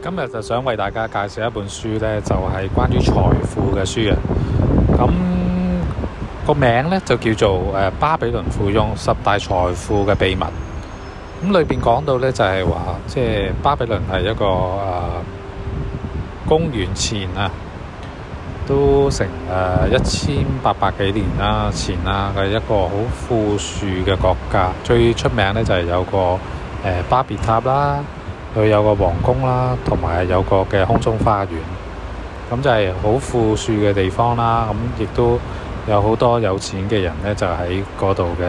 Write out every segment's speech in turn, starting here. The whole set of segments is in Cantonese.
今日就想為大家介紹一本書咧，就係、是、關於財富嘅書嘅。咁個名咧就叫做誒《巴比倫富翁十大財富嘅秘密》。咁裏邊講到咧就係、是、話，即、就、係、是、巴比倫係一個誒、呃、公元前啊都成誒一千八百幾年啦前啦嘅一個好富庶嘅國家。最出名咧就係有個誒、呃、巴別塔啦。佢有個皇宮啦，同埋有個嘅空中花園，咁就係好富庶嘅地方啦。咁亦都有好多有錢嘅人呢，就喺嗰度嘅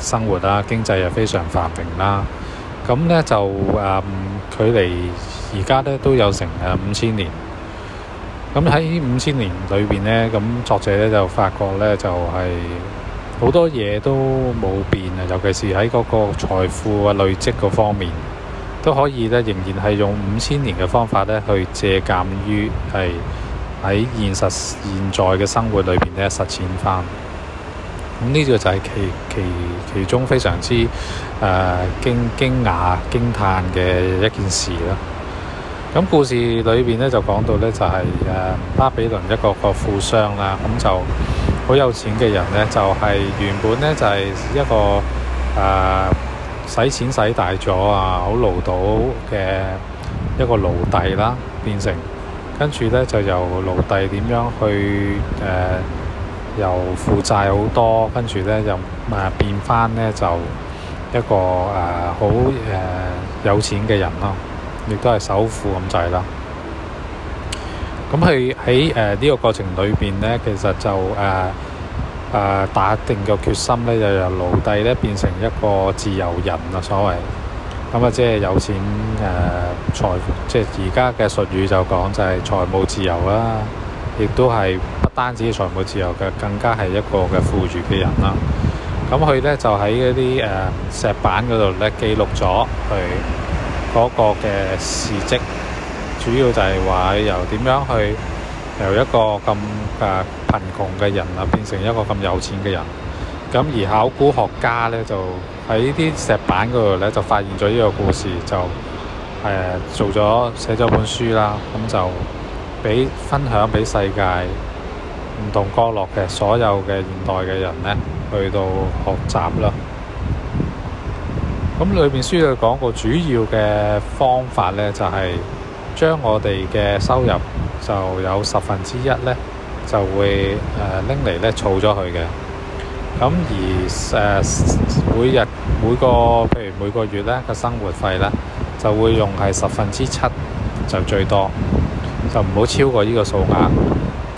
生活啦，經濟又非常繁榮啦。咁、嗯、呢，就誒距離而家呢都有成誒五千年。咁喺五千年裏邊呢，咁作者呢就發覺呢，就係、是、好多嘢都冇變啊，尤其是喺嗰個財富啊累積嗰方面。都可以咧，仍然係用五千年嘅方法咧，去借鑑於係喺現實現在嘅生活裏邊咧，實踐翻。咁呢個就係其其其中非常之誒、呃、驚驚訝、驚歎嘅一件事咯。咁故事裏邊咧就講到呢就係、是、誒、呃、巴比倫一個個富商啦，咁就好有錢嘅人呢，就係、是、原本呢就係、是、一個誒。呃使錢使大咗啊！好勞到嘅一個奴隸啦，變成跟住咧就由奴隸點樣去誒、呃，由負債好多，跟住咧又啊變翻咧就一個誒好誒有錢嘅人咯，亦都係首富咁滯啦。咁佢喺誒呢個過程裏邊咧，其實就誒。呃誒、呃、打定嘅決心咧，就由奴隸咧變成一個自由人啊！所謂咁啊、嗯，即係有錢誒、呃、財，即係而家嘅術語就講就係財務自由啦。亦都係不單止財務自由嘅，更加係一個嘅富裕嘅人啦。咁佢咧就喺嗰啲誒石板嗰度咧記錄咗佢嗰個嘅事蹟，主要就係話由點樣去由一個咁誒。呃貧窮嘅人啊，變成一個咁有錢嘅人。咁而考古學家咧，就喺啲石板嗰度咧，就發現咗呢個故事，就誒、呃、做咗寫咗本書啦。咁就俾分享畀世界唔同角落嘅所有嘅現代嘅人咧，去到學習啦。咁裏邊書度講過主要嘅方法咧，就係、是、將我哋嘅收入就有十分之一咧。就會誒拎嚟咧儲咗佢嘅，咁而誒每日每個譬如每個月咧個生活費咧就會用係十分之七就最多，就唔好超過呢個數額。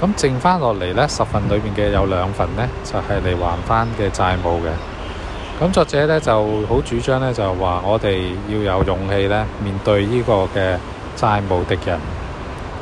咁剩翻落嚟咧十分裏面嘅有兩份咧就係嚟還翻嘅債務嘅。咁作者咧就好主張咧就係話我哋要有勇氣咧面對呢個嘅債務敵人。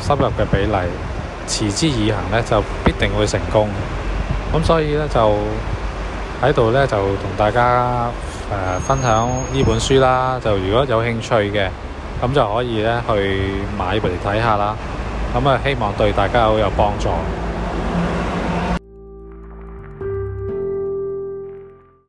收入嘅比例，持之以恆呢就必定會成功。咁所以呢，就喺度呢，就同大家誒、呃、分享呢本書啦。就如果有興趣嘅，咁就可以呢去買買嚟睇下啦。咁啊，希望對大家好有幫助。